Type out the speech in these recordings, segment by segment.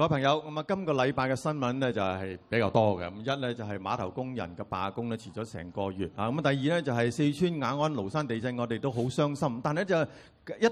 各位朋友，咁啊，今個禮拜嘅新聞咧就係比較多嘅，咁一咧就係碼頭工人嘅罷工咧，遲咗成個月，啊，咁第二咧就係四川雅安蘆山地震，我哋都好傷心，但係咧就係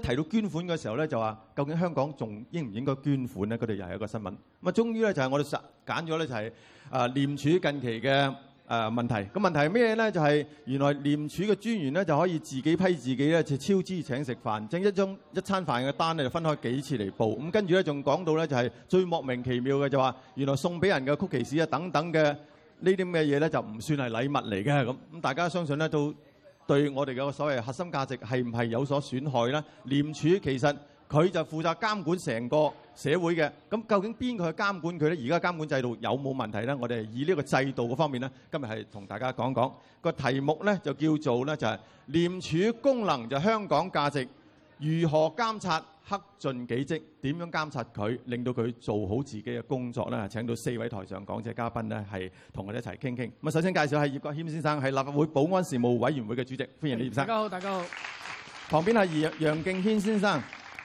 一提到捐款嘅時候咧，就話究竟香港仲應唔應該捐款咧？佢哋又係一個新聞，咁啊，終於咧就係我哋實揀咗咧就係啊，廉署近期嘅。誒、呃、問題，咁問題係咩咧？就係、是、原來廉署嘅專員咧，就可以自己批自己咧，就超支請食飯，將一張一餐飯嘅單咧，就分開幾次嚟報。咁跟住咧，仲講到咧，就係最莫名其妙嘅就話，原來送俾人嘅曲奇士啊等等嘅呢啲咁嘅嘢咧，就唔算係禮物嚟嘅咁。咁大家相信咧，都對我哋嘅所謂核心價值係唔係有所損害啦？廉署其實。佢就負責監管成個社會嘅，咁究竟邊個去監管佢咧？而家監管制度有冇問題咧？我哋以呢個制度嘅方面咧，今日係同大家講講個題目咧，就叫做咧就係廉署功能就香港價值，如何監察克盡己職？點樣監察佢，令到佢做好自己嘅工作咧？請到四位台上講者嘉賓咧，係同我哋一齊傾傾。咁啊，首先介紹係葉國謙先生，係立法會保安事務委員會嘅主席，歡迎李葉生。大家好，大家好。旁邊係涂涂謹申先生。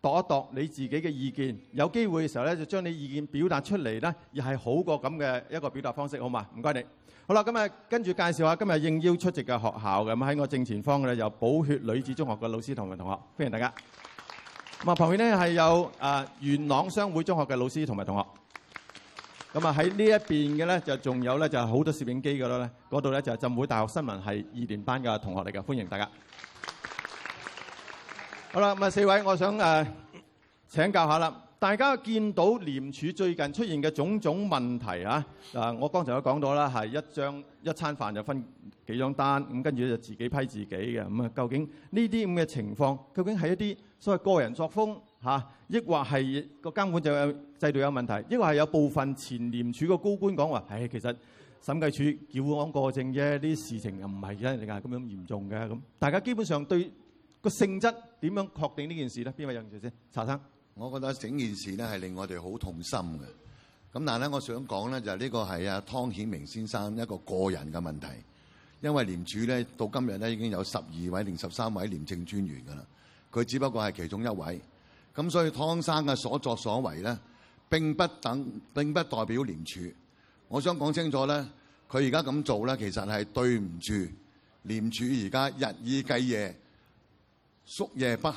度一度你自己嘅意見，有機會嘅時候咧，就將你意見表達出嚟咧，又係好過咁嘅一個表達方式，好嘛？唔該你。好啦，今日跟住介紹下今日應邀出席嘅學校咁喺我正前方嘅有寶血女子中學嘅老師同埋同學，歡迎大家。咁啊，旁邊呢，係有啊、呃、元朗商會中學嘅老師同埋同學。咁啊，喺呢一邊嘅咧就仲有咧就係好多攝影機嘅啦，嗰度咧就浸會大學新聞系二年班嘅同學嚟嘅，歡迎大家。好啦，咁四位，我想誒、呃、請教一下啦。大家見到廉署最近出現嘅種種問題啊，嗱、呃，我剛才都講到啦，係一張一餐飯就分幾張單，咁跟住咧就自己批自己嘅。咁、嗯、啊，究竟呢啲咁嘅情況，究竟係一啲所謂個人作風嚇，抑、啊、或係個監管就有制度有問題，抑或係有部分前廉署嘅高官講話，唉、哎，其實審計署矯枉過正啫，啲事情又唔係而家你係咁樣嚴重嘅。咁、嗯、大家基本上對。個性質點樣確定呢件事咧？邊位有興趣先？查生，我覺得整件事咧係令我哋好痛心嘅。咁但係咧，我想講咧就係呢個係阿湯顯明先生一個個人嘅問題，因為廉署咧到今日咧已經有十二位定十三位廉政專員噶啦，佢只不過係其中一位咁，所以湯生嘅所作所為咧並不等，並不代表廉署。我想講清楚咧，佢而家咁做咧，其實係對唔住廉署而家日以繼夜。夙夜不懈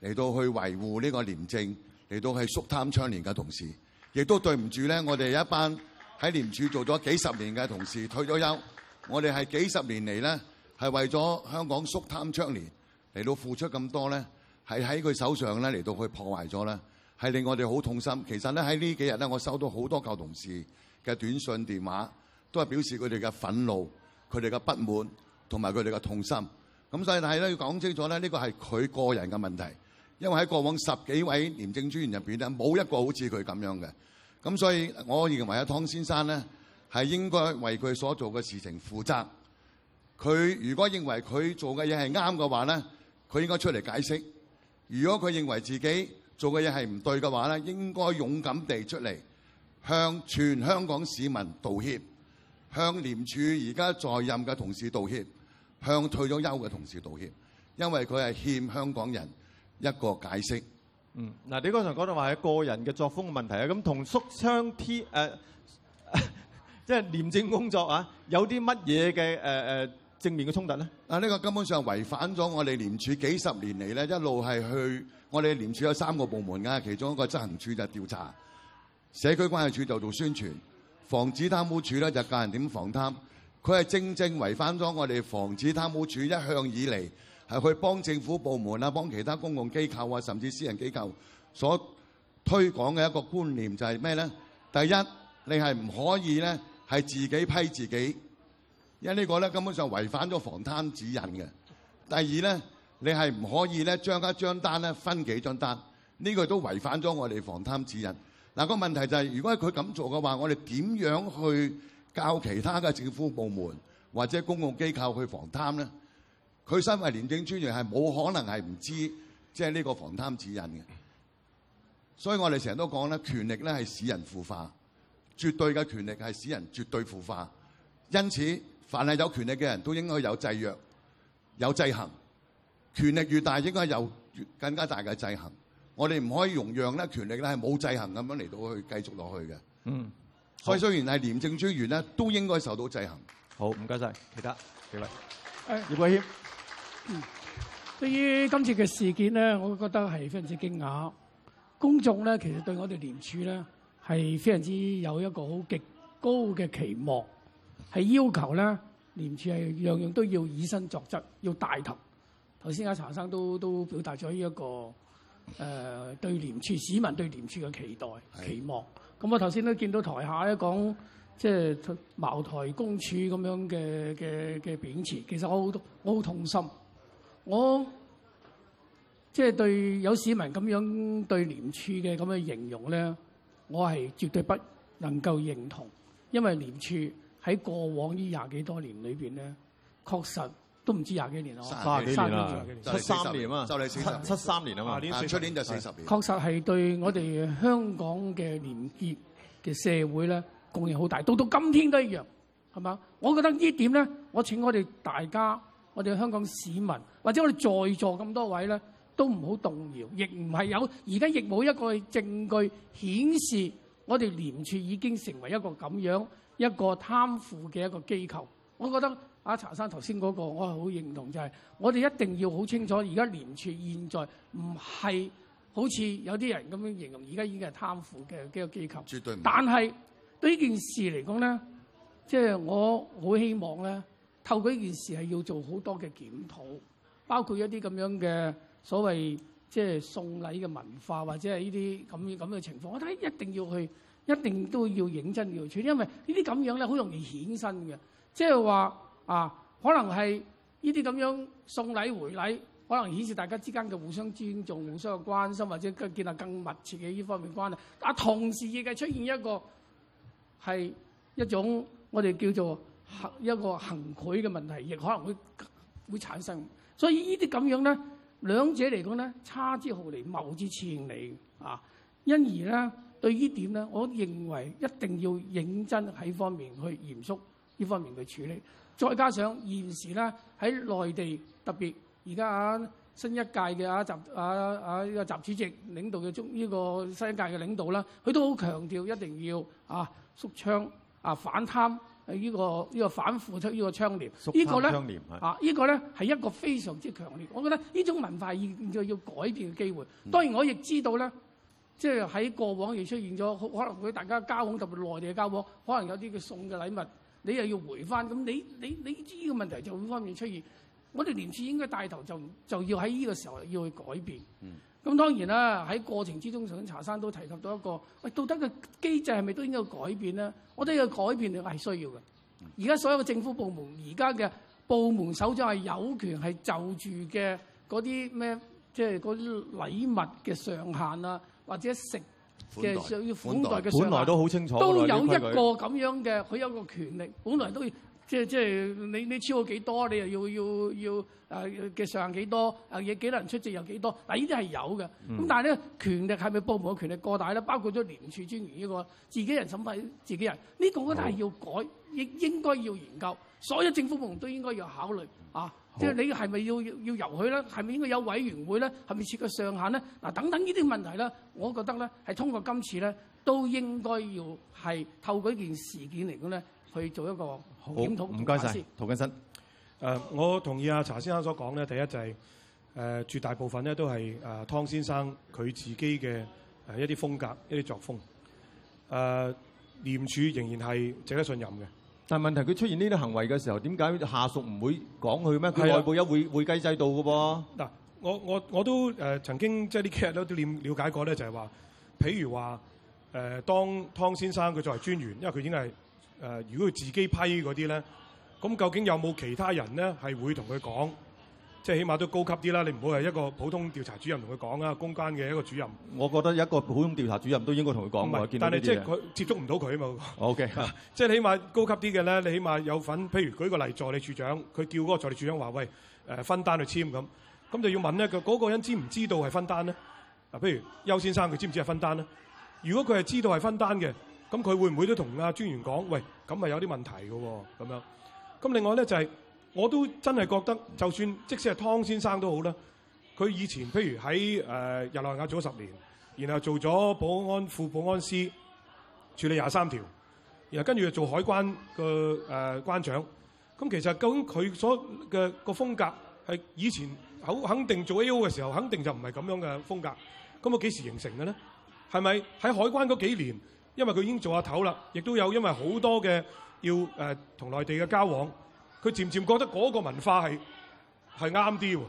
嚟到去維護呢個廉政，嚟到係肅貪倡廉嘅同時，亦都對唔住咧。我哋一班喺廉署做咗幾十年嘅同事，退咗休了，我哋係幾十年嚟咧，係為咗香港肅貪倡廉，嚟到付出咁多咧，係喺佢手上咧嚟到去破壞咗咧，係令我哋好痛心。其實咧喺呢在這幾日咧，我收到好多舊同事嘅短信電話，都係表示佢哋嘅憤怒、佢哋嘅不滿同埋佢哋嘅痛心。咁所以呢，咧要講清楚咧，呢個係佢個人嘅問題，因為喺過往十幾位廉政專員入面，咧，冇一個好似佢咁樣嘅。咁所以我認為阿湯先生咧係應該為佢所做嘅事情負責。佢如果認為佢做嘅嘢係啱嘅話咧，佢應該出嚟解釋；如果佢認為自己做嘅嘢係唔對嘅話咧，應該勇敢地出嚟向全香港市民道歉，向廉署而家在，在任嘅同事道歉。向退咗休嘅同事道歉，因為佢係欠香港人一個解釋。嗯，嗱，你剛才講到話係個人嘅作風問題啊，T, 呃、啊，咁同縮窗 T 誒，即係廉政工作啊，有啲乜嘢嘅誒誒正面嘅衝突咧？啊，呢個根本上違反咗我哋廉署幾十年嚟咧，一路係去我哋廉署有三個部門啊，其中一個執行處就調查，社區關係處就做宣傳，防止貪污處咧就教人點防貪。佢係正正違反咗我哋防止貪污處一向以嚟係去幫政府部門啊、幫其他公共機構啊、甚至私人機構所推廣嘅一個觀念，就係咩咧？第一，你係唔可以咧係自己批自己，因為呢個咧根本上違反咗防貪指引嘅。第二咧，你係唔可以咧將一張單咧分幾張單，呢、這個都違反咗我哋防貪指引。嗱、那個問題就係、是，如果係佢咁做嘅話，我哋點樣去？教其他嘅政府部門或者公共機構去防貪咧，佢身為廉政專員係冇可能係唔知即係呢個防貪指引嘅。所以我哋成日都講咧，權力咧係使人腐化，絕對嘅權力係使人絕對腐化。因此，凡係有權力嘅人都應該有制約、有制衡。權力越大，應該有越更加大嘅制衡。我哋唔可以容讓咧，權力咧係冇制衡咁樣嚟到去繼續落去嘅。嗯。所以雖然係廉政專員咧，都應該受到制衡。好，唔該晒，其他幾位。誒、哎，葉國謙。嗯，對於今次嘅事件咧，我覺得係非常之驚訝。公眾咧，其實對我哋廉署咧係非常之有一個好極高嘅期望，係要求咧廉署係樣樣都要以身作則，嗯、要帶頭。頭先阿查生都都表達咗呢一個誒、呃、對廉署市民對廉署嘅期待期望。咁我頭先都見到台下咧講，即係茅台公署咁樣嘅嘅嘅貶詞，其實我好我好痛心，我即係對有市民咁樣對廉署嘅咁嘅形容咧，我係絕對不能夠認同，因為廉署喺過往呢廿幾多年裏邊咧，確實。都唔知廿幾年咯，卅年啦，七三年啊就嘛，七七三年啊嘛，出年就四十年。確實係對我哋香港嘅廉潔嘅社會咧，貢獻好大。到到今天都一樣，係嘛？我覺得呢點咧，我請我哋大家，我哋香港市民或者我哋在座咁多位咧，都唔好動搖，亦唔係有而家亦冇一個證據顯示我哋廉署已經成為一個咁樣一個貪腐嘅一個機構。我覺得。阿查生頭先嗰個，我係好認同，就係我哋一定要好清楚。而家廉署現在唔係好似有啲人咁樣形容，而家已經係貪腐嘅幾個機構，絕對唔。但係對呢件事嚟講咧，即係我好希望咧，透過呢件事係要做好多嘅檢討，包括一啲咁樣嘅所謂即係送禮嘅文化，或者係呢啲咁咁嘅情況，我睇一定要去，一定都要認真要處理，因為呢啲咁樣咧好容易衍生嘅，即係話。啊，可能係呢啲咁樣送禮回禮，可能顯示大家之間嘅互相尊重、互相嘅關心，或者建建立更密切嘅呢方面關係。但同時亦係出現一個係一種我哋叫做一個行賄嘅問題，亦可能會會產生。所以這這呢啲咁樣咧，兩者嚟講咧，差之毫厘，謬之千里。啊，因而咧，對點呢點咧，我認為一定要認真喺方面去嚴肅呢方面去處理。再加上現時咧喺內地，特別而家啊新一屆嘅啊習啊啊呢個習主席領導嘅中呢個新一屆嘅領導啦，佢都好強調一定要啊縮窗，啊反貪係、呢個、呢個呢、呢個反腐出呢個倡廉。肅貪。倡廉係。係啊、呢個、呢個咧係一個非常之強烈，我覺得呢種文化要要改變嘅機會。當然我亦知道咧，即係喺過往亦出現咗，可能會大家交往特別內地嘅交往，可能有啲佢送嘅禮物。你又要回翻咁，你你你知呢個問題就會方便出現。我哋廉署應該帶頭就，就就要喺呢個時候要去改變。咁當然啦、啊，喺過程之中，查生都提及到一個，喂、哎，道德嘅機制係咪都應該改變咧？我覺得嘅改變係需要嘅。而家所有嘅政府部門，而家嘅部門首長係有權係就住嘅嗰啲咩，即係嗰啲禮物嘅上限啊，或者食，嘅、就是、上要款代嘅本來都好清楚，都有一個咁樣嘅佢有，一個，的有一個權力，本來都要即係即係你你超過幾多，你又要要要誒嘅上限幾多誒嘢幾多人出席，有幾多？嗱、嗯，但呢啲係有嘅。咁但係咧，權力係咪部門嘅權力過大咧？包括咗廉署專員呢、這個自己人審批自己人，呢、這個都係要改，應應該要研究。所有政府部門都應該要考慮啊。即係你係咪要要遊佢咧？係咪應該有委員會咧？係咪設個上限咧？嗱，等等呢啲問題咧，我覺得咧，係通過今次咧，都應該要係透過一件事件嚟講咧，去做一個好。討。唔該晒，陶根生。誒，我同意阿查先生所講咧，第一就係、是、誒、呃、絕大部分咧都係誒湯先生佢自己嘅誒一啲風格一啲作風。誒、呃，廉署仍然係值得信任嘅。但係問題，佢出現呢啲行為嘅時候，點解下屬唔會講佢咩？佢內部有會、啊、會計制度嘅噃。嗱，我我我都誒、呃、曾經即係啲 case 都了了解過咧，就係、是、話，譬如話誒、呃，當湯先生佢作為專員，因為佢已經係誒、呃，如果佢自己批嗰啲咧，咁究竟有冇其他人咧係會同佢講？即係起碼都高級啲啦，你唔好係一個普通調查主任同佢講啊，公關嘅一個主任。我覺得一個普通調查主任都應該同佢講，我見到啲。但係即係佢接觸唔到佢嘛。O K，即係起碼高級啲嘅咧，你起碼有份。譬如舉個例，助理處長，佢叫嗰個助理處長話：喂、呃，分單去簽咁。咁就要問咧，嗰、那、嗰個人知唔知道係分單咧？譬如邱先生，佢知唔知係分單咧？如果佢係知道係分單嘅，咁佢會唔會都同阿專員講？喂，咁咪有啲問題嘅喎，咁樣。咁另外咧就係、是。我都真係覺得，就算即使係湯先生都好啦，佢以前譬如喺誒、呃、日內瓦做咗十年，然後做咗保安副保安司，處理廿三條，然後跟住做海關嘅誒、呃、關長，咁其實究竟佢所嘅個、呃、風格係以前好肯定做 A O 嘅時候，肯定就唔係咁樣嘅風格。咁啊幾時形成嘅咧？係咪喺海關嗰幾年？因為佢已經做下頭啦，亦都有因為好多嘅要誒同、呃、內地嘅交往。佢漸漸覺得嗰個文化係係啱啲喎，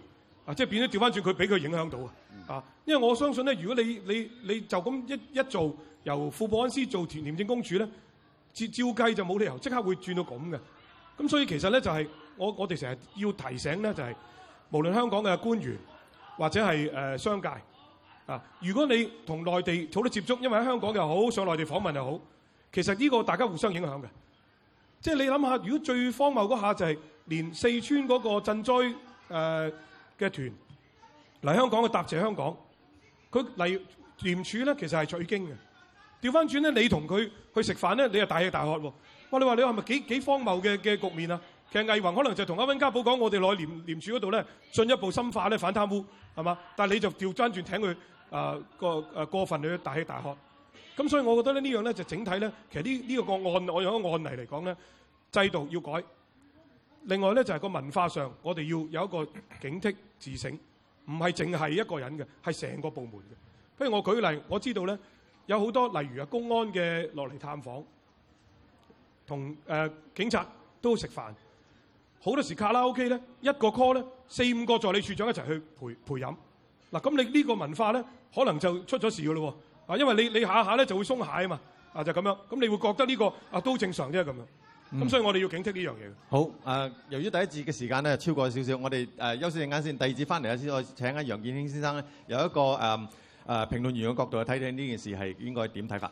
啊，即係變咗調翻轉，佢俾佢影響到啊，因為我相信咧，如果你你你就咁一一做，由副保安司做田廉政公署咧、啊，照照計就冇理由即刻會轉到咁嘅。咁所以其實咧就係、是、我我哋成日要提醒咧，就係、是、無論香港嘅官員或者係誒、呃、商界啊，如果你同內地有啲接觸，因為喺香港又好上內地訪問又好，其實呢個大家互相影響嘅。即係你諗下，如果最荒謬嗰下就係連四川嗰個賑災誒嘅團嚟香港去答謝香港，佢嚟廉署咧其實係取經嘅。調返轉咧，你同佢去食飯咧，你又大氣大喝喎、哦。你話你話係咪幾幾荒謬嘅嘅局面啊？其實魏宏可能就同阿溫家寶講我哋落廉廉署嗰度咧，進一步深化咧反貪污係嘛？但係你就調返轉請佢誒個誒過分去大氣大喝。咁所以我覺得呢樣咧就整體咧，其實呢呢個個案，我用一個案例嚟講咧，制度要改。另外咧就係、是、個文化上，我哋要有一個警惕自省，唔係淨係一個人嘅，係成個部門嘅。譬如我舉例，我知道咧有好多例如啊，公安嘅落嚟探訪，同、呃、警察都食飯，好多時卡拉 OK 咧一個 call 咧四五個助理處長一齊去陪陪飲。嗱，咁你呢個文化咧，可能就出咗事噶咯喎。啊，因為你你下下咧就會鬆懈啊嘛，啊就咁樣，咁你會覺得呢、這個啊都正常啫咁樣，咁、嗯、所以我哋要警惕呢樣嘢。好，誒、呃、由於第一節嘅時間咧超過少少，我哋誒、呃、休息陣間先，第二節翻嚟啊先，我請阿楊建興先生咧有一個誒誒評論員嘅角度去睇睇呢件事係應該點睇法。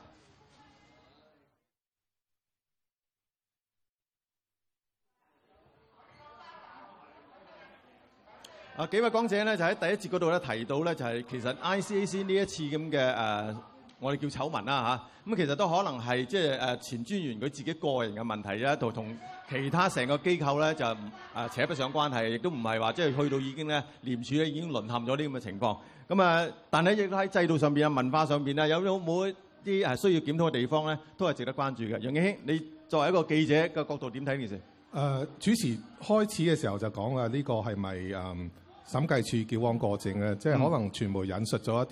啊幾位講者咧，就喺第一節嗰度咧提到咧，就係其實 I C A C 呢一次咁嘅誒，我哋叫醜聞啦嚇。咁其實都可能係即係誒前專員佢自己個人嘅問題啦，同同其他成個機構咧就誒扯不上關係，亦都唔係話即係去到已經咧廉署咧已經淪陷咗呢咁嘅情況。咁啊，但係咧亦都喺制度上邊啊、文化上邊啊，有冇啲誒需要檢討嘅地方咧，都係值得關注嘅。楊健興，你作為一個記者嘅角度點睇呢件事？誒，主持開始嘅時候就講啊，呢個係咪誒？審計處矯枉過正嘅，即、就、係、是、可能傳媒引述咗一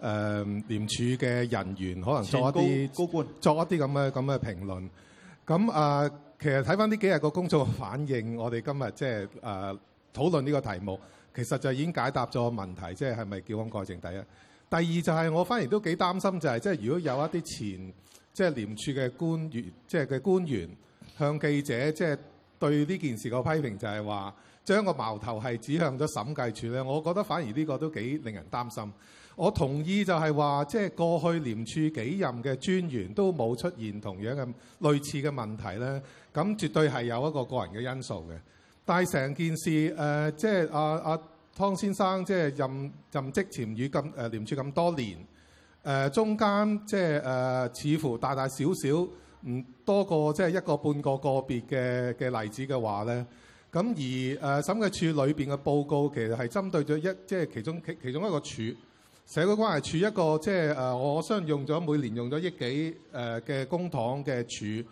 啲誒廉署嘅人員，可能做一啲高官，作一啲咁嘅咁嘅評論。咁啊、呃，其實睇翻呢幾日個工作反應，我哋今日即係誒討論呢個題目，其實就已經解答咗問題，即係係咪矯枉過正？第一，第二就係、是、我反而都幾擔心、就是，就係即係如果有一啲前即係廉署嘅官員，即係嘅官員向記者即係、就是、對呢件事嘅批評就是說，就係話。將個矛頭係指向咗審計處咧，我覺得反而呢個都幾令人擔心。我同意就係話，即係過去廉署幾任嘅專員都冇出現同樣嘅類似嘅問題咧，咁絕對係有一個個人嘅因素嘅。但係成件事誒，即係阿阿湯先生即係任任職潛於咁誒廉署咁多年，誒、呃、中間即係誒似乎大大小小唔多過即係一個半個個別嘅嘅例子嘅話咧。咁而誒、呃、審計署裏面嘅報告其實係針對咗一即係、就是、其中其其中一個處——社會關係處。一個即係誒我相信用咗每年用咗億幾誒嘅、呃、公帑嘅處。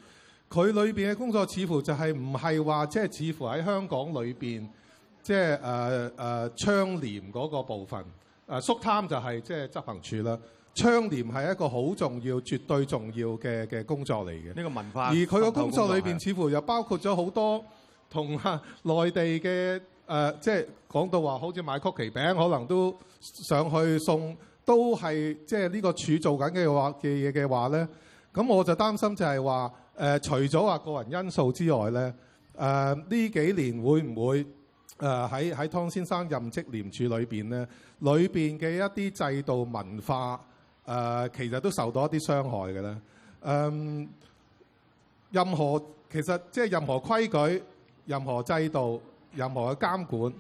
佢裏面嘅工作似乎就係唔係話即係似乎喺香港裏面，即係誒誒倡廉嗰個部分誒、呃、肅貪就係即係執行處啦，倡廉係一個好重要、絕對重要嘅嘅工作嚟嘅。呢個文化而佢個工作裏面似乎又包括咗好多。同下內地嘅誒、呃，即係講到話，好似買曲奇餅，可能都上去送，都係即係呢、這個處做緊嘅話嘅嘢嘅話咧。咁我就擔心就係話誒，除咗話個人因素之外咧，誒、呃、呢幾年會唔會誒喺喺湯先生任職廉署裏邊咧，裏邊嘅一啲制度文化誒、呃，其實都受到一啲傷害嘅咧。誒、呃，任何其實即係任何規矩。任何制度、任何嘅監管，誒、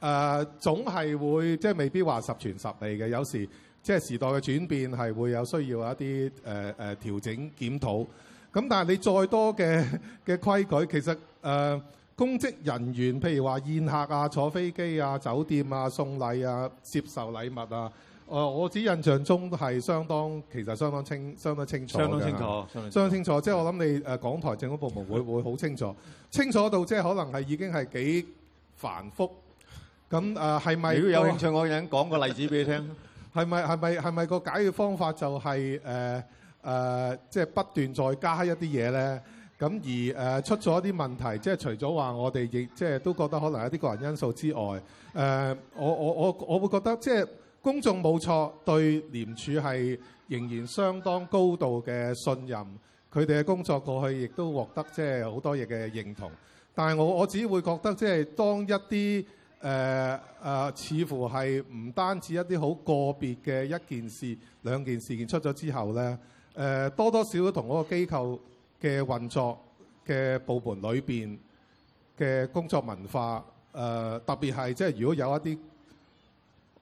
呃、總係會即係未必話十全十美嘅。有時即係時代嘅轉變係會有需要一啲誒誒調整檢討。咁但係你再多嘅嘅規矩，其實誒、呃、公職人員譬如話宴客啊、坐飛機啊、酒店啊、送禮啊、接受禮物啊。誒，我只印象中係相當，其實相當清，相當清楚，相當清楚，相當清楚，相當清楚，相當清楚。即係我諗你誒、呃，港台政府部門會會好清楚，清楚到即係可能係已經係幾繁複。咁誒係咪？如果有興趣的，我個人講個例子俾你聽。係咪係咪係咪個解決方法就係誒誒，即係不斷再加一啲嘢咧？咁而誒、呃、出咗一啲問題，即係除咗話我哋亦即係都覺得可能有啲個人因素之外，誒、呃、我我我我會覺得即係。公眾冇錯，對廉署係仍然相當高度嘅信任，佢哋嘅工作過去亦都獲得即係好多嘢嘅認同。但係我我只會覺得即係當一啲誒啊，似乎係唔單止一啲好個別嘅一件事、兩件事件出咗之後咧，誒、呃、多多少少同嗰個機構嘅運作嘅部門裏邊嘅工作文化誒、呃，特別係即係如果有一啲。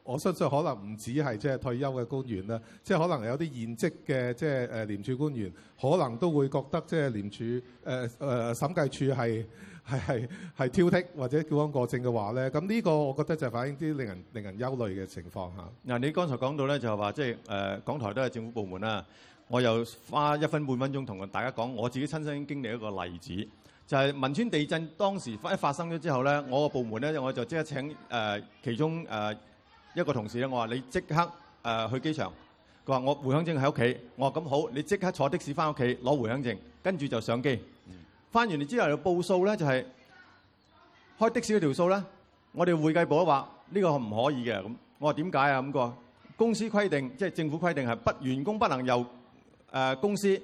我相信可能唔止係即係退休嘅官員啦，即係可能有啲現職嘅即係誒廉署官員，可能都會覺得即係廉署誒誒、呃、審計處係係係係挑剔或者叫矯枉過正嘅話咧。咁呢個我覺得就反映啲令人令人憂慮嘅情況嚇。嗱，你剛才講到咧，就係話即係誒港台都係政府部門啦。我又花一分半分鐘同大家講我自己親身經歷了一個例子，就係汶川地震當時一發生咗之後咧，我個部門咧，我就即刻請誒其中誒。一個同事咧，我話你即刻誒去機場。佢話我回鄉證喺屋企。我話咁好，你即刻坐的士翻屋企攞回鄉證，跟住就上機。翻完嚟之後報數咧，就係開的士嗰條數啦。我哋會計部都話呢個唔可以嘅。咁我話點解啊？咁個公司規定，即係政府規定係不員工不能由誒公司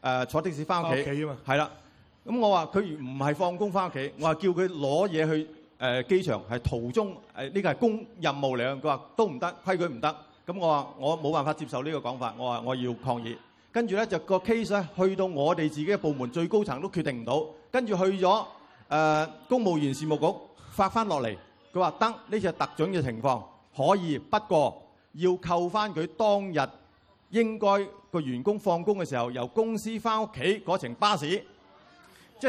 誒坐的士翻屋企。屋企啊嘛。係啦。咁我話佢唔係放工翻屋企，我話叫佢攞嘢去。誒、呃、機場係途中，誒呢個係公任務嚟。佢話都唔得，規矩唔得，咁我話我冇辦法接受呢個講法，我話我要抗議，跟住咧就個 case 咧去到我哋自己嘅部門最高層都決定唔到，跟住去咗誒、呃、公務員事務局發翻落嚟，佢話得，呢隻特准嘅情況可以，不過要扣翻佢當日應該個員工放工嘅時候由公司翻屋企嗰程巴士，即、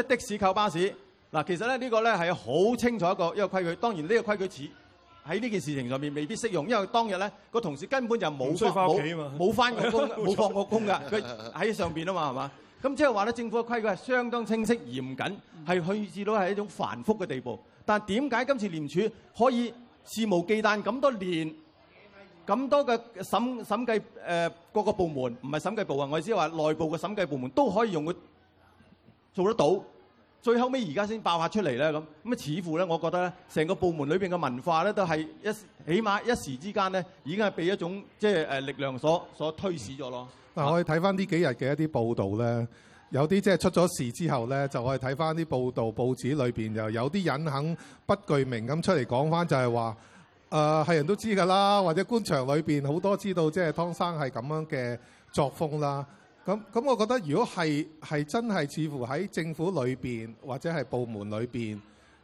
就、係、是、的士扣巴士。嗱，其實咧呢個咧係好清楚一個一個規矩。當然呢個規矩似喺呢件事情上面未必適用，因為當日咧個同事根本就冇翻屋企啊嘛冇翻過工冇 放過工㗎，佢喺上邊啊嘛係嘛？咁即係話咧政府嘅規矩係相當清晰嚴謹，係去至到係一種繁複嘅地步。但係點解今次廉署可以肆無忌憚咁多年咁多嘅審審計誒各個部門，唔係審計部啊，我意思係話內部嘅審計部門都可以用佢做得到。最後尾而家先爆發出嚟咧咁，咁啊似乎咧，我覺得咧，成個部門裏邊嘅文化咧，都係一起碼一時之間咧，已經係被一種即係誒力量所所推使咗咯。嗱、啊，但我哋睇翻呢幾日嘅一啲報道咧，有啲即係出咗事之後咧，就可以睇翻啲報道，報紙裏邊又有啲人肯不具名咁出嚟講翻，就係話誒係人都知㗎啦，或者官場裏邊好多知道，即係湯生係咁樣嘅作風啦。咁咁，我覺得如果係係真係，似乎喺政府裏邊，或者係部門裏邊，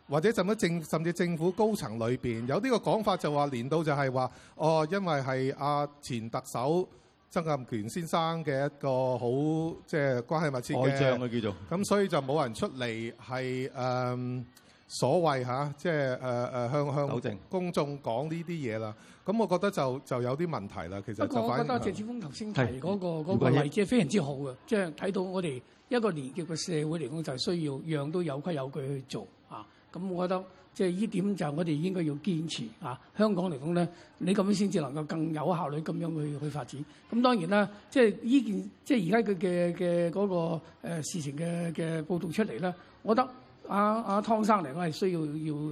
或者甚至政，甚至政府高層裏邊，有啲個講法就話，連到就係話哦，因為係阿、啊、前特首曾蔭權先生嘅一個好即係關係密切嘅外將啊，叫做咁，所以就冇人出嚟係誒。呃所謂嚇，即係誒誒向向公眾講呢啲嘢啦。咁我覺得就就有啲問題啦。其實不過，我覺得謝志峰頭先提嗰、嗰個嗰個例，即係非常之好嘅，即係睇到我哋一個廉潔嘅社會嚟講，就係需要樣都有規有矩去做啊。咁我覺得即係呢點就我哋應該要堅持啊。香港嚟講咧，你咁樣先至能夠更有效率咁樣去去發展。咁當然啦，即係呢件即係而家佢嘅嘅嗰個事情嘅嘅報導出嚟咧，我覺得。阿阿湯生嚟，我係需要要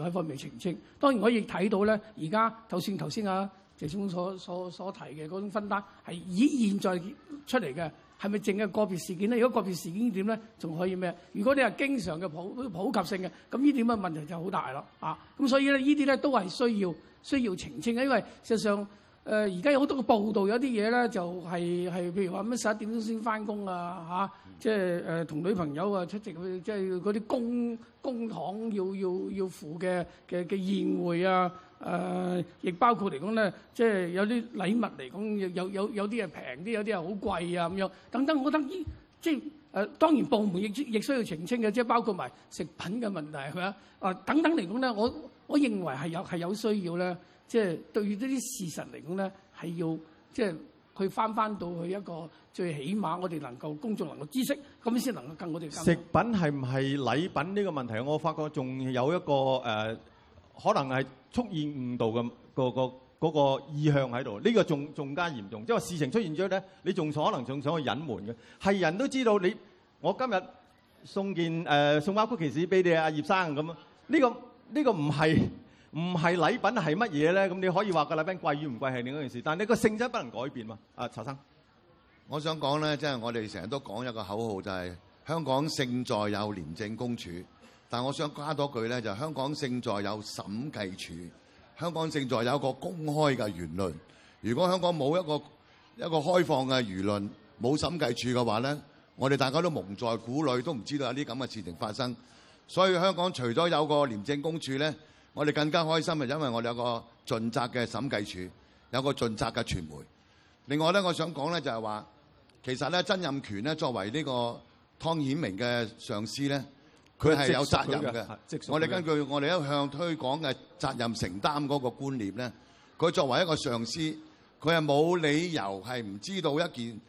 喺方面澄清。當然可以，我亦睇到咧，而家頭先頭先啊謝忠所所所提嘅嗰種分擔係以現在出嚟嘅，係咪淨係個別事件咧？如果個別事件點咧，仲可以咩？如果你係經常嘅普普及性嘅，咁呢點嘅問題就好大咯。啊，咁所以咧，呢啲咧都係需要需要澄清嘅，因為事實上。誒而家有好多嘅報道，有啲嘢咧就係、是、係譬如話乜十一點鐘先翻工啊嚇，即係誒同女朋友啊出席去，即係嗰啲公公堂要要要付嘅嘅嘅宴會啊，誒、呃、亦包括嚟講咧，即、就、係、是、有啲禮物嚟講，有有有啲係平啲，有啲係好貴啊咁樣等等，我覺得呢即係誒當然部門亦亦需要澄清嘅，即、就、係、是、包括埋食品嘅問題係咪啊？啊、呃、等等嚟講咧，我我認為係有係有需要咧。即係對於呢啲事實嚟講咧，係要即係佢翻翻到去一個最起碼我哋能夠公眾能夠知識，咁先能夠更我哋。食品係唔係禮品呢個問題？我發覺仲有一個誒、呃，可能係出現誤導嘅、那個、那個嗰、那個意向喺度。呢、這個仲仲加嚴重，即係話事情出現咗咧，你仲可能仲想去隱瞞嘅。係人都知道你，我今日送件誒、呃、送包曲奇紙俾你阿葉、啊、生咁，呢、這個呢、這個唔係。唔係禮品係乜嘢咧？咁你可以話個禮品貴與唔貴係另一件事，但係你個性質不能改變嘛。啊，查生，我想講咧，即係我哋成日都講一個口號，就係香港勝在有廉政公署。但我想加多句咧，就係香港勝在有審計署。香港勝在有一個公開嘅言論。如果香港冇一個一個開放嘅輿論，冇審計署嘅話咧，我哋大家都蒙在鼓裏，都唔知道有啲咁嘅事情發生。所以香港除咗有個廉政公署咧，我哋更加開心啊，因為我哋有個盡責嘅審計署，有個盡責嘅傳媒。另外咧，我想講咧就係話，其實咧，曾蔭權咧作為呢個湯顯明嘅上司咧，佢係有責任嘅。我哋根據我哋一向推廣嘅責任承擔嗰個觀念咧，佢作為一個上司，佢係冇理由係唔知道一件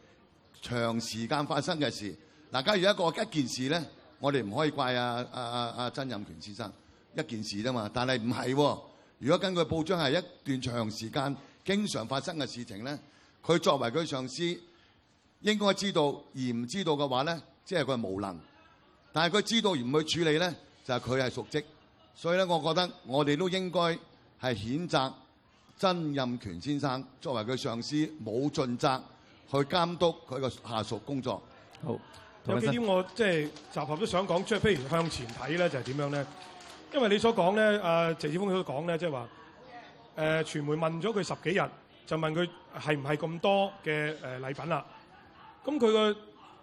長時間發生嘅事。嗱，假如一個一件事咧，我哋唔可以怪啊啊啊啊曾蔭權先生。一件事啫嘛，但係唔係？如果根據報章係一段長時間經常發生嘅事情咧，佢作為佢上司應該知道，而唔知道嘅話咧，即係佢無能。但係佢知道而唔去處理咧，就係佢係瀆職。所以咧，我覺得我哋都應該係譴責曾蔭權先生作為佢上司冇盡責去監督佢個下屬工作。好，有幾點我即係、就是、集合都想講，即係譬如向前睇咧，就係點樣咧？因為你所講咧，阿謝志峰都講咧，即係話誒，傳媒問咗佢十幾日，就問佢係唔係咁多嘅誒禮品啦？咁佢個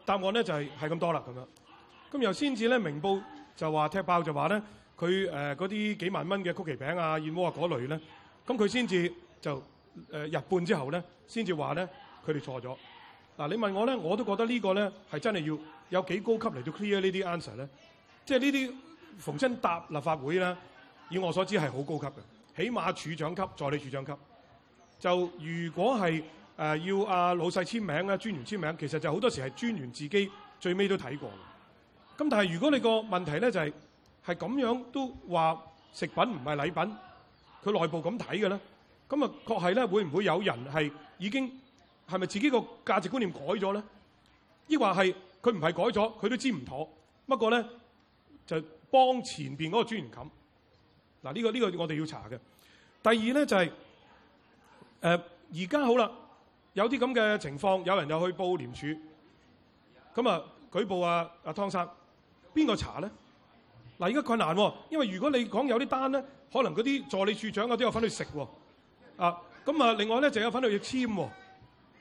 答案咧就係係咁多啦咁樣。咁由先至咧，《明報》就話踢爆就話咧，佢誒嗰啲幾萬蚊嘅曲奇餅啊、燕窩啊嗰類咧，咁佢先至就誒入半之後咧，先至話咧佢哋錯咗。嗱，你問我咧，我都覺得呢個咧係真係要有幾高級嚟到 clear 呢啲 answer 咧，即係呢啲。逢親搭立法會咧，以我所知係好高級嘅，起碼處長級、助理處長級。就如果係、呃、要阿、啊、老細簽名咧、專員簽名，其實就好多時係專員自己最尾都睇過的。咁但係如果你個問題咧就係係咁樣都話食品唔係禮品，佢內部咁睇嘅咧，咁啊確係咧會唔會有人係已經係咪自己個價值觀念改咗咧？抑或係佢唔係改咗，佢都知唔妥。不過咧就。幫前面嗰個專員冚嗱，呢、這個呢、這個我哋要查嘅。第二咧就係、是、誒，而、呃、家好啦，有啲咁嘅情況，有人又去報廉署咁啊，舉報啊阿湯、啊、生，邊個查咧？嗱、呃，而家困難、啊，因為如果你講有啲單咧，可能嗰啲助理處長嗰啲有份去食啊，咁啊，另外咧就有份去要簽、啊。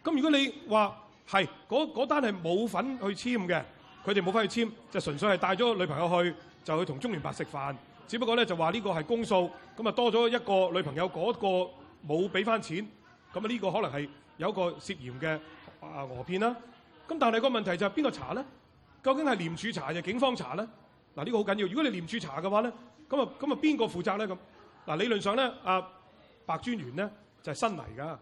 咁如果你話係嗰單係冇份去簽嘅，佢哋冇翻去簽，就純粹係帶咗個女朋友去。就去同中聯辦食飯，只不過咧就話呢個係公訴，咁啊多咗一個女朋友嗰個冇俾翻錢，咁啊呢個可能係有一個涉嫌嘅啊訛騙啦。咁但係個問題就係邊個查咧？究竟係廉署查定警方查咧？嗱、啊、呢、呢個好緊要。如果你廉署查嘅話咧，咁啊咁啊邊個負責咧咁？嗱、啊、理論上咧啊白專員咧就係、是、新嚟噶，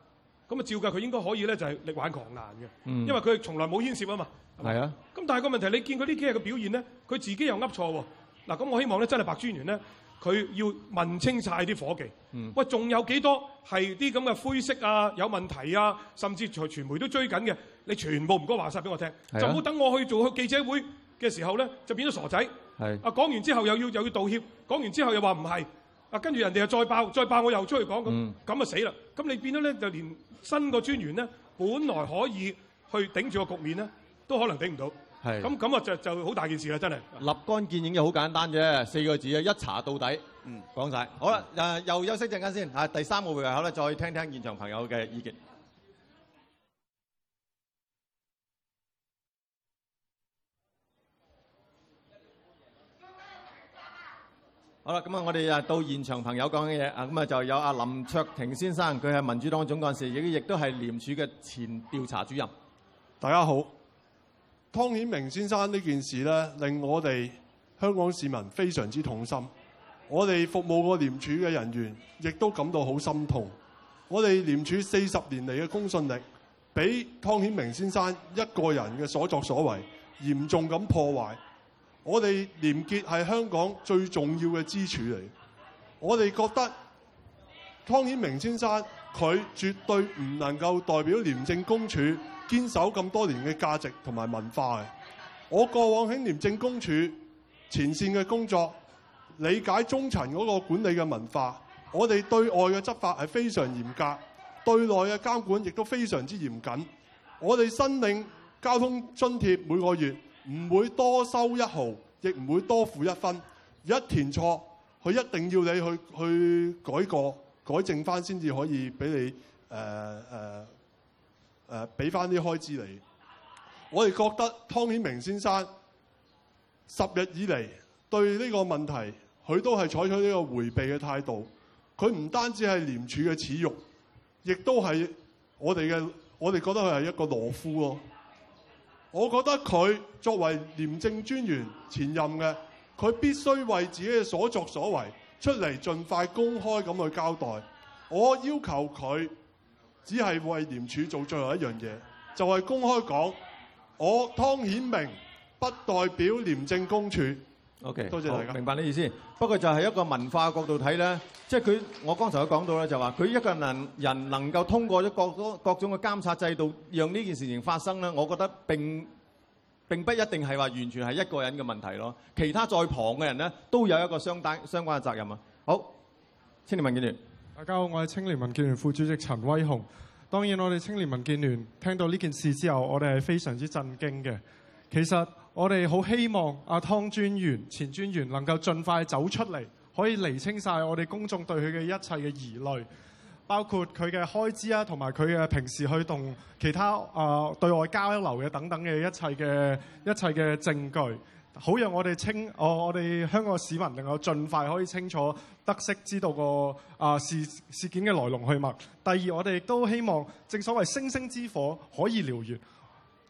咁啊照計佢應該可以咧就係力挽狂瀾嘅、嗯，因為佢從來冇牽涉啊嘛。係啊。咁但係個問題你見佢呢幾日嘅表現咧，佢自己又噏錯喎。嗱，咁我希望咧，真係白專員咧，佢要問清晒啲伙計，喂、嗯，仲有幾多係啲咁嘅灰色啊？有問題啊？甚至傳媒都追緊嘅，你全部唔該話晒俾我聽、啊，就唔好等我去做記者會嘅時候咧，就變咗傻仔。係啊，講完之後又要又要道歉，講完之後又話唔係，啊，跟住人哋又再爆再爆，再爆，我又出去講，咁、嗯、咁就死啦。咁你變咗咧，就連新個專員咧，本來可以去頂住個局面咧，都可能頂唔到。係咁咁啊，就就好大件事啦，真係立竿見影嘅，好簡單啫，四個字啊，一查到底，嗯，講晒好啦、嗯呃，又休息陣間先、啊，第三個回合咧，再聽聽現場朋友嘅意見。嗯、好啦，咁啊，我哋啊到現場朋友講嘅嘢啊，咁啊就有阿林卓廷先生，佢係民主黨總幹事，亦亦都係廉署嘅前調查主任。大家好。湯顯明先生呢件事呢，令我哋香港市民非常之痛心。我哋服務過廉署嘅人員，亦都感到好心痛。我哋廉署四十年嚟嘅公信力，俾湯顯明先生一個人嘅所作所為，嚴重咁破壞。我哋廉潔係香港最重要嘅支柱嚟。我哋覺得湯顯明先生，佢絕對唔能夠代表廉政公署。堅守咁多年嘅價值同埋文化。我過往喺廉政公署前線嘅工作，理解中層嗰個管理嘅文化。我哋對外嘅執法係非常嚴格，對內嘅監管亦都非常之嚴謹。我哋申領交通津貼，每個月唔會多收一毫，亦唔會多付一分。一填錯，佢一定要你去去改過，改正翻先至可以俾你誒誒。呃呃誒俾翻啲開支你，我哋覺得湯顯明先生十日以嚟對呢個問題，佢都係採取呢個迴避嘅態度。佢唔單止係廉署嘅恥辱，亦都係我哋嘅我哋覺得佢係一個懦夫喎。我覺得佢作為廉政專員前任嘅，佢必須為自己嘅所作所為出嚟，盡快公開咁去交代。我要求佢。只係為廉署做最後一樣嘢，就係公開講，我湯顯明不代表廉政公署。OK，多謝大家。明白你意思，不過就係一個文化角度睇咧，即係佢，我剛才都講到咧，就話佢一個人人能夠通過咗各種各種嘅監察制度，讓呢件事情發生咧，我覺得並並不一定係話完全係一個人嘅問題咯。其他在旁嘅人咧，都有一個相單相關嘅責任啊。好，青年民建聯。大家好，我係青年民建聯副主席陳威雄。當然，我哋青年民建聯聽到呢件事之後，我哋係非常之震驚嘅。其實我哋好希望阿、啊、湯專員、前專員能夠盡快走出嚟，可以釐清晒我哋公眾對佢嘅一切嘅疑慮，包括佢嘅開支啊，同埋佢嘅平時去同其他啊、呃、對外交流嘅等等嘅一切嘅一切嘅證據。好讓我哋清，哦、我我哋香港嘅市民能夠盡快可以清楚得悉知道個啊事事件嘅來龍去脈。第二，我哋亦都希望，正所謂星星之火可以燎原。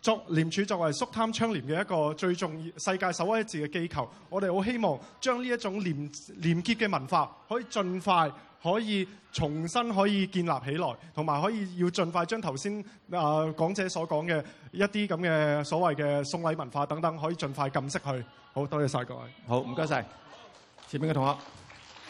作廉署作為肅貪倡廉嘅一個最重要、世界首屈一指嘅機構，我哋好希望將呢一種廉廉潔嘅文化可以盡快可以重新可以建立起來，同埋可以要盡快將頭先啊講者所講嘅一啲咁嘅所謂嘅送禮文化等等，可以盡快禁息佢。好多謝曬各位。好，唔該曬前面嘅同學。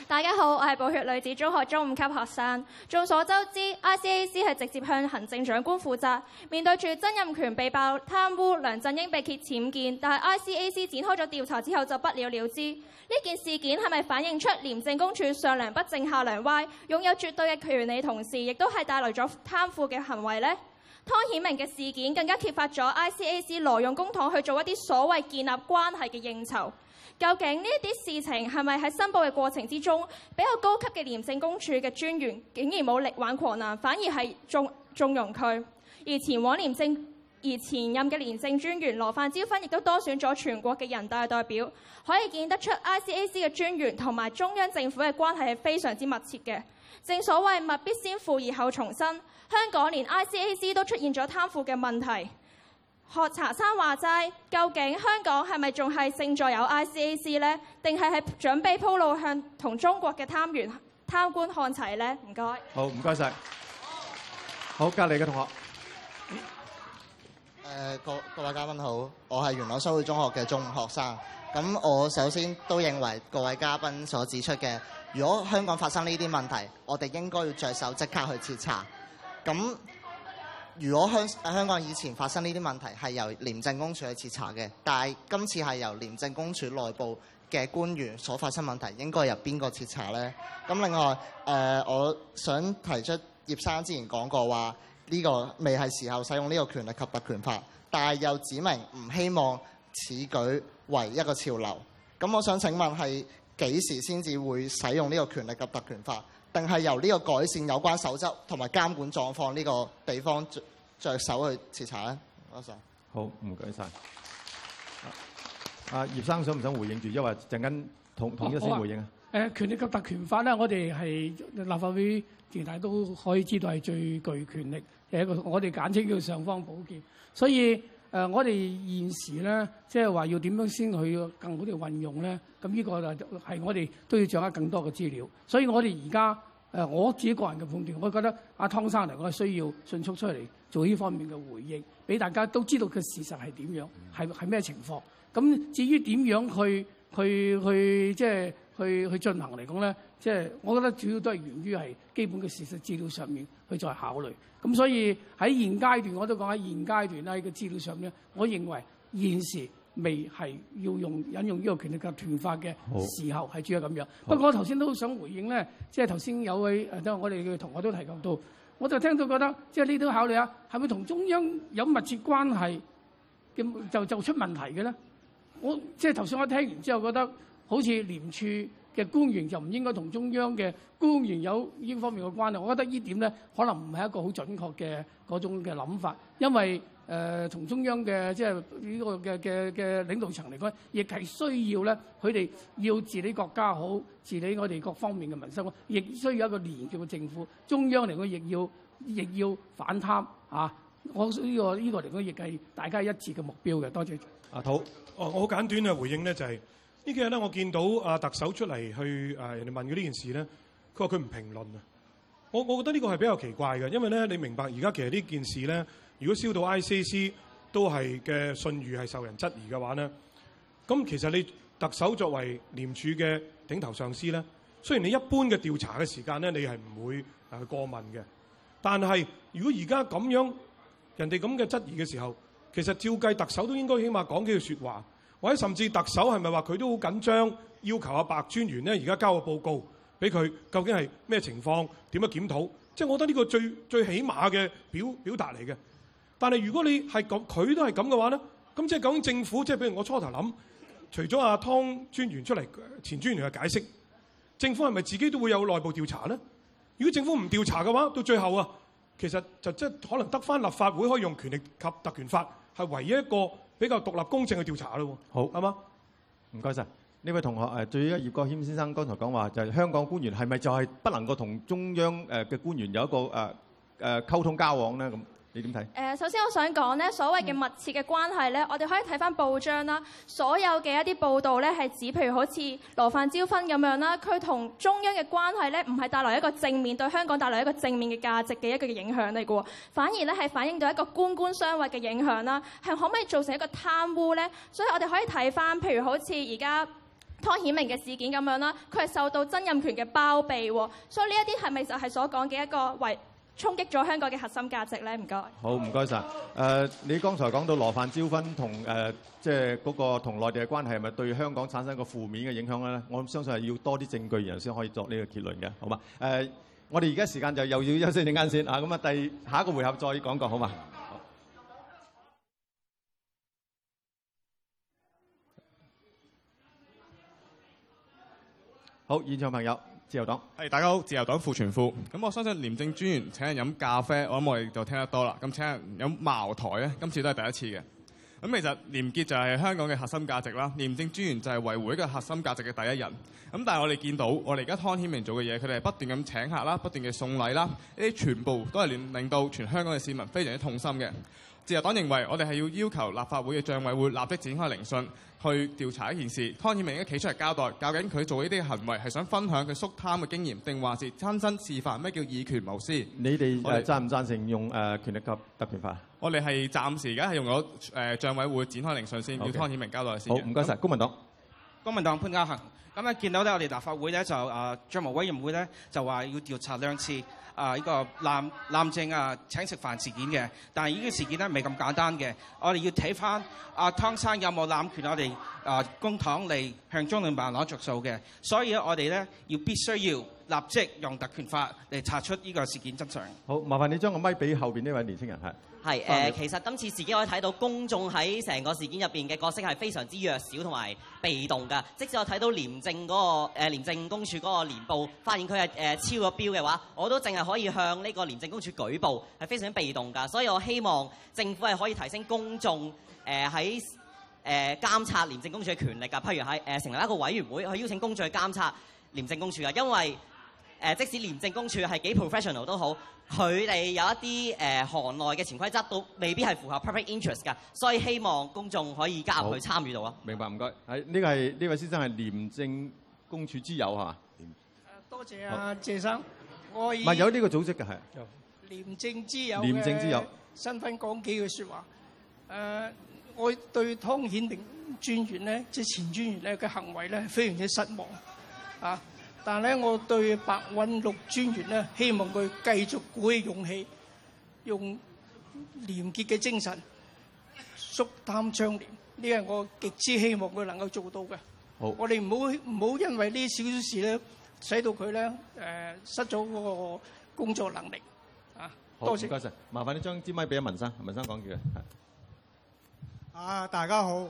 大家好，我係寶血女子中學中五級學生。眾所周知，ICAC 係直接向行政長官負責。面對住曾蔭權被爆貪污、梁振英被揭僭建，但係 ICAC 展開咗調查之後就不了了之。呢件事件係咪反映出廉政公署上梁不正下梁歪，擁有絕對嘅權力同事，同時亦都係帶來咗貪腐嘅行為呢？湯顯明嘅事件更加揭發咗 ICAC 挪用公帑去做一啲所謂建立關係嘅應酬。究竟呢啲事情係咪喺申報嘅過程之中比較高級嘅廉政公署嘅專員竟然冇力挽狂瀾，反而係縱容佢？而前往廉政而前任嘅廉政專員羅范椒芬亦都多選咗全國嘅人大代表，可以見得出 I C A C 嘅專員同埋中央政府嘅關係係非常之密切嘅。正所謂物必先腐而後蟲生，香港連 I C A C 都出現咗貪腐嘅問題。學查生話齋，究竟香港係咪仲係勝在有 ICAC 呢？定係係準備鋪路向同中國嘅貪員，貪官看齊呢？唔該。好，唔該晒。好，隔離嘅同學。各、呃、各位嘉賓好，我係元朗修業中學嘅中五學生。咁我首先都認為各位嘉賓所指出嘅，如果香港發生呢啲問題，我哋應該要着手即刻去徹查。咁。如果香香港以前發生呢啲問題係由廉政公署去徹查嘅，但係今次係由廉政公署內部嘅官員所發生的問題，應該由邊個徹查呢？咁另外，誒、呃，我想提出葉生之前講過話，呢、呢個未係時候使用呢個權力及特權法，但係又指明唔希望此舉為一個潮流。咁我想請問係幾時先至會使用呢個權力及特權法？定係由呢個改善有關守則同埋監管狀況呢個地方着著手去調查咧？多謝。好，唔該晒。阿、啊、葉生想唔想回應住？因為陣間同同一先回應啊。誒，權力及特權法咧，我哋係立法會議大都可以知道係最具權力嘅一個，我哋簡稱叫尚方寶劍，所以。誒、呃，我哋現時咧，即係話要點樣先去更好地運用咧？咁呢個就係我哋都要掌握更多嘅資料。所以我哋而家誒，我自己個人嘅判斷，我覺得阿湯生嚟講係需要迅速出嚟做呢方面嘅回應，俾大家都知道嘅事實係點樣，係係咩情況。咁至於點樣去去去，即係去去去進行嚟講咧？即係，我覺得主要都係源於係基本嘅事實資料上面去再考慮。咁所以喺現階段，我都講喺現階段咧，喺個資料上面我認為現時未係要用引用呢個權力嘅斷法嘅時候係主要咁樣。不過我頭先都想回應咧，即係頭先有位即係我哋嘅同學都提及到，我就聽到覺得，即係你都考慮下，係咪同中央有密切關係嘅就就出問題嘅咧？我即係頭先我聽完之後覺得，好似廉署嘅官員就唔應該同中央嘅官員有呢方面嘅關係，我覺得呢點咧可能唔係一個好準確嘅嗰種嘅諗法，因為誒、呃、同中央嘅即係呢個嘅嘅嘅領導層嚟講，亦係需要咧佢哋要治理國家好，治理我哋各方面嘅民生，亦需要一個廉潔嘅政府。中央嚟講亦要亦要反貪嚇、啊，我呢個呢個嚟講亦係大家一致嘅目標嘅。多謝、啊。阿涂，我好簡短嘅回應咧就係、是。這呢幾日咧，我見到啊特首出嚟去誒、呃、人哋問佢呢件事咧，佢話佢唔評論啊。我我覺得呢個係比較奇怪嘅，因為咧你明白而家其實呢件事咧，如果燒到 ICAC 都係嘅信譽係受人質疑嘅話咧，咁其實你特首作為廉署嘅頂頭上司咧，雖然你一般嘅調查嘅時間咧，你係唔會誒過問嘅，但係如果而家咁樣人哋咁嘅質疑嘅時候，其實照計特首都應該起碼講幾句説話。或者甚至特首係咪話佢都好緊張要求阿白專員咧而家交個報告俾佢，究竟係咩情況，點樣檢討，即係我覺得呢個最最起碼嘅表表達嚟嘅。但係如果你係咁，佢都係咁嘅話咧，咁即係講政府，即係譬如我初頭諗除咗阿湯專員出嚟，前專員嘅解釋，政府係咪自己都會有內部調查咧？如果政府唔調查嘅話，到最後啊，其實就即係可能得翻立法會可以用權力及特權法係唯一一個。比較獨立公正的調查咯，好啱嗎？唔該晒呢位同學誒，對、呃、於葉國謙先生剛才講話，就係、是、香港官員係咪就係不能夠同中央嘅、呃、官員有一個、呃呃、溝通交往呢？誒、呃，首先我想講咧，所謂嘅密切嘅關係咧、嗯，我哋可以睇翻報章啦。所有嘅一啲報道咧，係指譬如好似羅范椒芬咁樣啦，佢同中央嘅關係咧，唔係帶來一個正面對香港帶來一個正面嘅價值嘅一個嘅影響嚟嘅喎，反而咧係反映到一個官官相護嘅影響啦，係可唔可以造成一個貪污咧？所以我哋可以睇翻譬如好似而家湯顯明嘅事件咁樣啦，佢係受到曾蔭權嘅包庇喎，所以呢一啲係咪就係所講嘅一個違衝擊咗香港嘅核心價值咧，唔該。好，唔該晒。誒、呃，你剛才講到羅范椒芬同誒，即係嗰個同內地嘅關係，係咪對香港產生一個負面嘅影響咧？我相信係要多啲證據，然後先可以作呢個結論嘅。好嘛？誒、呃，我哋而家時間就又要休息陣間先啊。咁啊，下一個回合再講講好嘛？好，現場朋友。自由黨 hey，大家好，自由黨傅傳富。咁我相信廉政專員請人飲咖啡，我諗我哋就聽得多啦。咁請人飲茅台咧，今次都係第一次嘅。咁其實廉潔就係香港嘅核心價值啦，廉政專員就係維護一個核心價值嘅第一人。咁但係我哋見到，我哋而家湯顯明做嘅嘢，佢哋係不斷咁請客啦，不斷嘅送禮啦，呢啲全部都係令，令到全香港嘅市民非常之痛心嘅。自由黨認為，我哋係要要求立法會嘅帳委會立即展開聆訊。去調查一件事，湯顯明已經企出嚟交代，究竟佢做呢啲行為係想分享佢肅貪嘅經驗，定還是，是親身示範咩叫以權謀私？你哋誒贊唔贊成用誒權力及特權法？我哋係暫時而家係用咗誒帳委會展開聆訊先，okay. 叫湯顯明交代先。Okay. 好，唔該晒，公民黨。公民黨潘嘉恆，咁咧見到咧，我哋立法會咧就誒帳務委員會咧就話要調查兩次。啊！呢、這個濫濫政啊，請食飯事件嘅。但係呢個事件咧唔係咁簡單嘅，我哋要睇翻阿湯生有冇濫權我們，我哋啊公帑嚟向中聯辦攞着數嘅，所以咧、啊、我哋咧要必須要立即用特權法嚟查出呢個事件真相。好，麻煩你將個咪俾後邊呢位年輕人係。係誒、呃，其實今次事件可以睇到公眾喺成個事件入邊嘅角色係非常之弱小同埋被動㗎。即使我睇到廉政嗰、嗰個、呃、廉政公署嗰個年報，發現佢係誒超咗標嘅話，我都淨係可以向呢個廉政公署舉報，係非常之被動㗎。所以我希望政府係可以提升公眾誒喺誒監察廉政公署嘅權力㗎。譬如係誒、呃、成立一個委員會去邀請公眾去監察廉政公署啊，因為，誒，即使廉政公署係幾 professional 都好，佢哋有一啲誒、呃、行內嘅潛規則，都未必係符合 public interest 㗎。所以希望公眾可以加入去參與到啊。明白，唔該。係、哎、呢、這個係呢位先生係廉政公署之友嚇。誒、啊，多謝啊，謝生。我以有呢個組織㗎係。廉政之友，廉政之友身份講幾句説話。誒、呃，我對湯顯明專員咧，即係前專員咧嘅行為咧，非常之失望啊！但咧，我對白韞六專員咧，希望佢繼續鼓起勇氣，用廉潔嘅精神，肅貪倡廉，呢樣我極之希望佢能夠做到嘅。好，我哋唔好唔好因為呢少少事咧，使到佢咧誒失咗嗰個工作能力啊。多謝，唔該曬，麻煩你將支麥俾阿文生，文生講嘢。啊，大家好。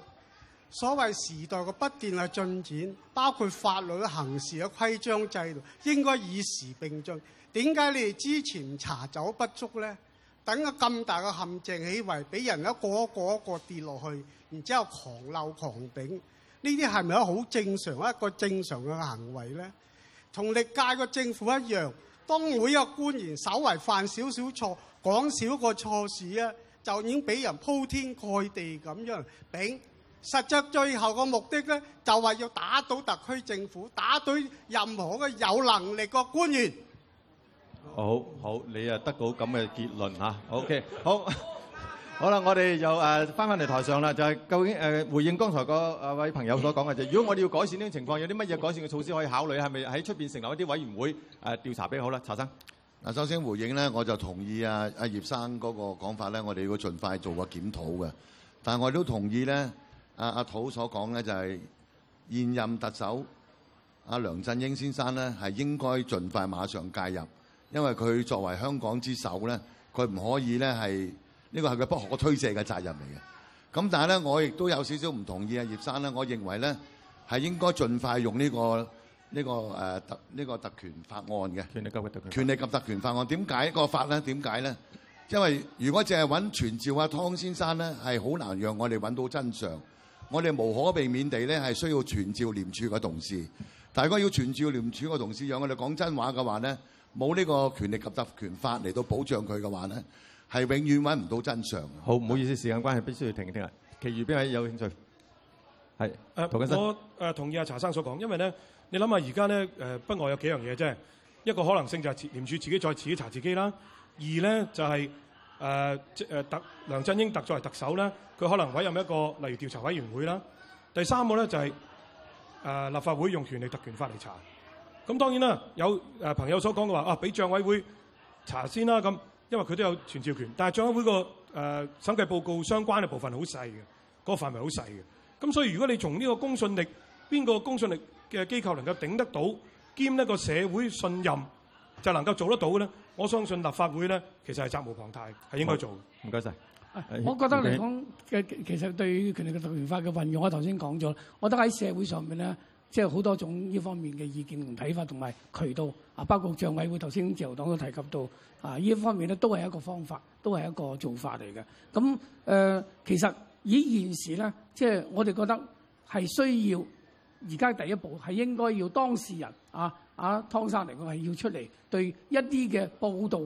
所謂時代嘅不斷嘅進展，包括法律行事嘅規章制度，應該以時並進。點解你哋之前查找不足呢？等個咁大嘅陷阱起圍，俾人一個一個一個跌落去，然之後狂鬧狂頂，呢啲係咪好正常的一個正常嘅行為呢？同歷屆嘅政府一樣，當每一個官員稍為犯少少錯，講少個錯事啊，就已經俾人鋪天蓋地咁樣頂。實質最後個目的咧，就係要打倒特區政府，打倒任何嘅有能力個官員。好，好，你啊得到咁嘅結論嚇。O K，好，好啦，我哋又誒翻返嚟台上啦，就係究竟誒回應剛才個啊位朋友所講嘅就，如果我哋要改善呢種情況，有啲乜嘢改善嘅措施可以考慮？係咪喺出邊成立一啲委員會誒調查比較好咧？查生嗱，首先回應咧，我就同意啊阿葉生嗰個講法咧，我哋要盡快做個檢討嘅。但係我都同意咧。阿、啊、阿、啊、土所講咧，就係、是、現任特首阿梁振英先生咧，係應該盡快馬上介入，因為佢作為香港之首咧，佢唔可以咧係呢個係佢不可推卸嘅責任嚟嘅。咁但係咧，我亦都有少少唔同意啊葉生咧，我認為咧係應該盡快用呢、呢個呢、呢個誒特呢個特權法案嘅。權力及權力及特權法案點解、呢個法咧？點解咧？因為如果淨係揾傳召阿、啊、湯先生咧，係好難讓我哋揾到真相。我哋無可避免地咧，係需要傳召廉署嘅同事。大家要傳召廉署嘅同事，若我哋講真話嘅話咧，冇呢個權力及特權法嚟到保障佢嘅話咧，係永遠揾唔到真相。好，唔好意思，時間關係必須要停一停啊。其餘邊位有興趣？係、啊、誒，我誒同意阿查生所講，因為咧，你諗下而家咧誒，不外有幾樣嘢，啫？係一個可能性就係廉署自己再自己查自己啦。二咧就係、是。誒、呃，誒特梁振英特作為特首咧，佢可能委任一個，例如調查委員會啦。第三個咧就係、是、誒、呃、立法會用權力特權法嚟查。咁當然啦，有誒朋友所講嘅話，啊俾帳委會查先啦，咁因為佢都有傳召權。但係帳委會個誒審計報告相關嘅部分好細嘅，嗰範圍好細嘅。咁所以如果你從呢個公信力，邊個公信力嘅機構能夠頂得到，兼一個社會信任，就能夠做得到嘅咧。我相信立法會咧，其實係責無旁貸，係應該做。唔該晒，我覺得嚟講嘅其實對於權力嘅特權法嘅運用，我頭先講咗。我覺得喺社會上面咧，即係好多種呢方面嘅意見同睇法，同埋渠道啊，包括帳委會頭先自由黨都提及到啊，呢一方面咧都係一個方法，都係一個做法嚟嘅。咁誒、呃，其實以現時咧，即係我哋覺得係需要而家第一步係應該要當事人啊。啊，湯生嚟講係要出嚟對一啲嘅報道，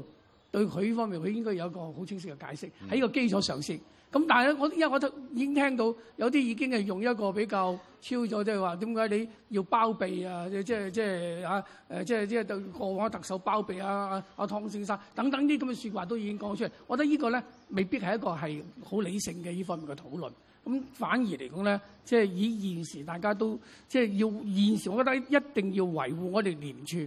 對佢呢方面，佢應該有一個好清晰嘅解釋。喺呢個基礎上先，咁但係咧，我因為我都已經聽到有啲已經係用一個比較超咗，即係話點解你要包庇啊？即係即係啊？誒、啊，即係即係對過往特首包庇啊，阿、啊、湯、啊、先生等等啲咁嘅説話都已經講出嚟。我覺得個呢個咧，未必係一個係好理性嘅呢方面嘅討論。咁反而嚟講咧，即係以現時大家都即係要現時，我覺得一定要維護我哋廉署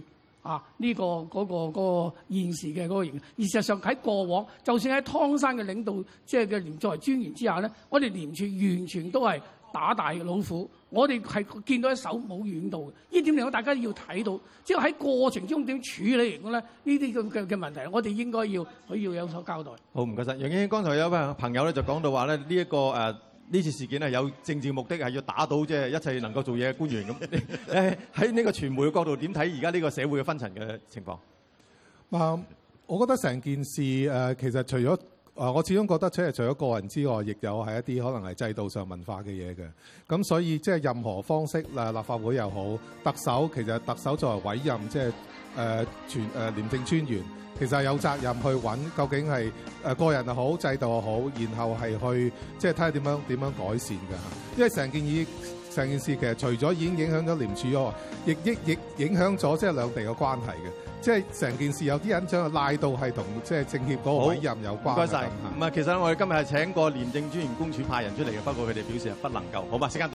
啊呢個嗰個嗰個現時嘅嗰個形象。事實上喺過往，就算喺湯山嘅領導即係嘅廉作為專員之下咧，我哋廉署完全都係打大老虎。我哋係見到一手冇軟度，呢呢點嚟講，大家要睇到即係喺過程中點處理嚟講咧，呢啲咁嘅嘅問題，我哋應該要佢要有所交代。好，唔該晒葉國謙，剛才有位朋友咧就講到話咧、呢個，呢一個誒。呢次事件係有政治目的，係要打倒即係一切能夠做嘢嘅官員咁。誒喺呢個傳媒嘅角度點睇而家呢個社會嘅分層嘅情況？啊、嗯，我覺得成件事誒、呃，其實除咗啊、呃，我始終覺得即係除咗個人之外，亦有係一啲可能係制度上文化嘅嘢嘅。咁所以即係任何方式啦，立法會又好，特首其實特首作為委任，即係誒傳誒廉政專員。其實有責任去揾究竟係誒個人又好，制度又好，然後係去即係睇下點樣點樣改善嘅吓。因為成件事成件事其實除咗已經影響咗廉署喎，亦亦亦影響咗即係兩地嘅關係嘅。即係成件事有啲人將賴到係同即係政協嗰個委任有關。唔該晒，唔係，其實我哋今日係請個廉政專員公署派人出嚟嘅，不過佢哋表示係不能夠。好嘛，時間。